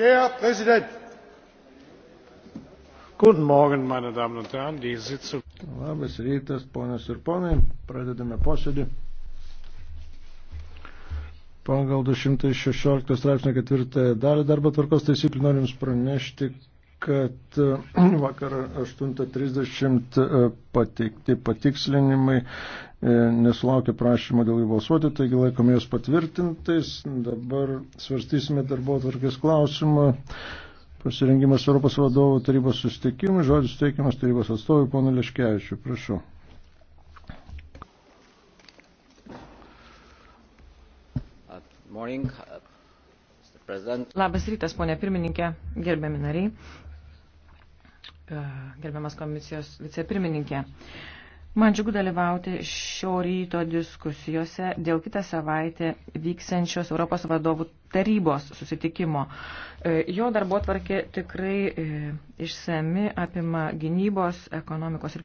herr präsident! guten morgen meine damen und herren! die sitzung labas rytas ponios ir ponai pradedame posėdį pagal du šimtai šešiolika straipsnio ketvirtąją dalį darbo tvarkos taisyklių noriu jums pranešti kad vakar 8.30 e, pateikti patikslinimai e, nesulaukė prašymo dėl jų balsuoti, taigi laikome juos patvirtintais. Dabar svarstysime darbo atvarkės klausimą. Pasirengimas Europos vadovų tarybos sustikimui, žodis teikiamas tarybos atstovui ponui Leškevičiu. Prašau. Morning. Uh, Labas rytas, ponė pirmininkė, gerbiami nariai. E, gerbiamas komisijos vicepirmininkė. Man džiugu dalyvauti šio ryto diskusijose dėl kitą savaitę vyksiančios Europos vadovų tarybos susitikimo. E, jo darbo tvarkė tikrai e, išsami apima gynybos, ekonomikos ir